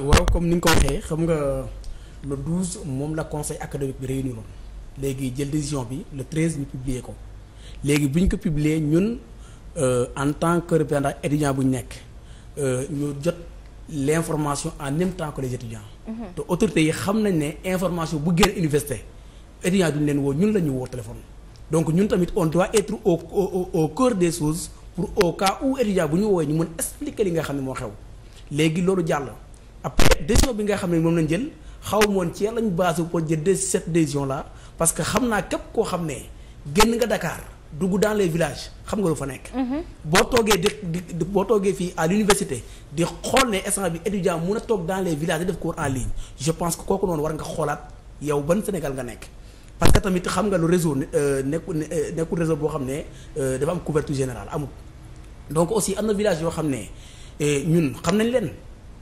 waaw comme ni nga ko waxee xam nga le 12 moom la conseil académique bi réunir léegi jël décision bi le 13 ñu publier ko léegi bu ñu ko publier ñun euh, en tant que représentant étudiant bu ñu nekk euh, ñu jot l' en même temps que les étudiants. Mhm. te autorités yi xam nañ ne information bu génn université étudiants duñ leen woo ñun la ñu woo téléphone. donc ñun tamit on doit être au au au cœur des choses pour au cas bu ñu woowee ñu mën expliquer li nga xam ne moo xew léegi loolu après décision bi nga xam ne moom lañ jël xaw moon ci lañ basé pour jël de cette décision là parce que xam naa képp koo xam ne génn nga Dakar dugg dans les villages xam nga lu fa nekk. Mhm. boo toogee di di boo toogee fii à l'université di xool ne instant bi étudiant mun a toog dans les villages di def cours en ligne je pense que kooku noonu war nga xoolaat yow ban Sénégal nga nekk. parce que tamit xam nga lu réseau euh, nekkul euh, nekkul réseau boo xam ne euh, dafa am couverture générale amul donc aussi am na village yoo xam ne ñun xam nañ leen.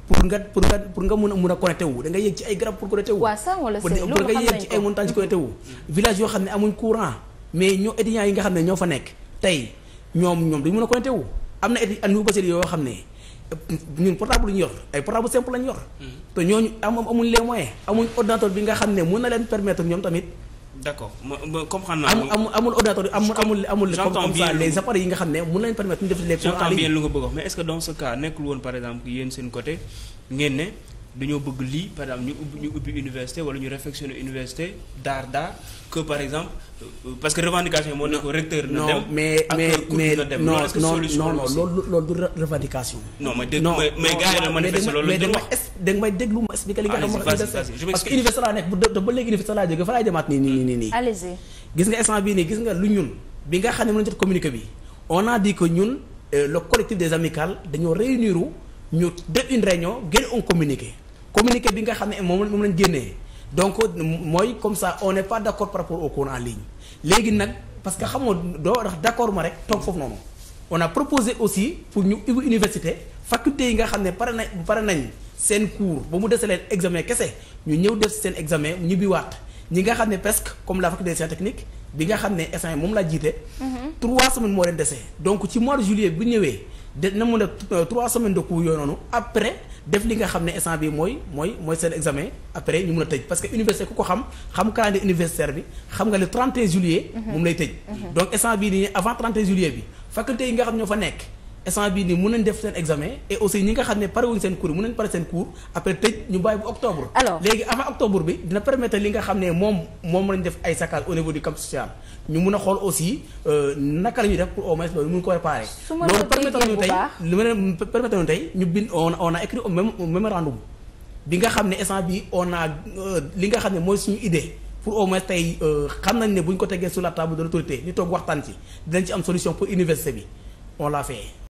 pour nga pour nga pour nga mun a mun a connecté wu da nga yéeg ci ay garab pour connecté wu. waaw ça wala pour nga yéeg ci ay montagne connecté wu. village yoo xam ne amuñ courant mais ñoo étudiants yi nga xam ne ñoom ñoom dañu mën a connecté wu am na étudiants universitaires yoo xam ne ñun portable ñu yor ay portable simple lañu yor. Hmm. te ñooñu amuñ les moyens amuñ ordinateur bi nga xam ne mun na leen permettre ñoom tamit. d'accord ma ma comprendre naa. amul amul ordinateur amul amul amul. comme ça les appareils yi nga xam ne mën nañu permettre ñu def. les programmes j'entends lu nga bëgg wax mais est-ce que dans ce cas woon par exemple yéen seen côté ngeen ne. dañoo bëgg lii par exemple ñu ubbi ñu ubbi université wala ñu réfectionné université daar daar que par exemple euh, parce que revendication yi moo nekk recteur. na dem mais mais mais non non non loolu loolu du revendication. non mais dégg mais danga may déglu ma li nga ne parce que université laa nekk bu dee ba léegi université laa jógee fa laay demaat nii nii nii nii. gis nga instant bii nii gis nga lu ñun bi nga xam ne mën na jot communiqué bi on a dit que ñun euh, le collectif des amicales dañoo réunir ñu def un communiqué communiqué bi nga xam ne moom moom lañ génnee donc mooy comme ça on n'est pas d'accord par rapport au cours en ligne léegi nag parce que doo wax ma rek toog foofu noonu on a proposé aussi pour ñu ubbi université faculté yi nga xam ne pare nañ pare nañ seen cours ba mu desee leen examen kese ñu ñëw def seen examen ñibbiwaat ñi nga xam ne presque comme la faculté des sciences techniques bi nga xam ne instant moom laa jiite. Mm-hmm. trois semaines moo leen dese donc ci mois de juillet bu ñëwee. de na mun a euh, trois semaines de cours yooyu noonu après def li nga xam ne instant bi mooy mooy mooy seen examen après ñu mun a tëj parce que université ku ko xam xam calendrier universitaire bi xam nga le 31 juillet. Mhm. moom lay tëj. Mhm. donc instant bii nii avant 31 juillet bi faculté yi nga xam ñoo fa nekk. instant bii nii mun nañ def seen examen et aussi ñi nga xam ne pare wuñ seen cours mun nañ pare seen cours après tëj ñu bàyyi bu octobre. léegi avant octobre bi dina permettre li nga xam ne moom moom lañ def ay sakkal au niveau du camp social ñu mun a xool aussi euh, naka la def pour au moins loolu mun ko réparer. su ma loolu permettre ñu tey li ñu bind on a écrit au mémorandum bi nga xam ne instant on a euh, li nga xam ne mooy suñu idée. pour au moins tey euh, xam nañ ne buñ ko tegee su la table de l'autorité ñu toog waxtaan ci dinañ ci am bi on l'a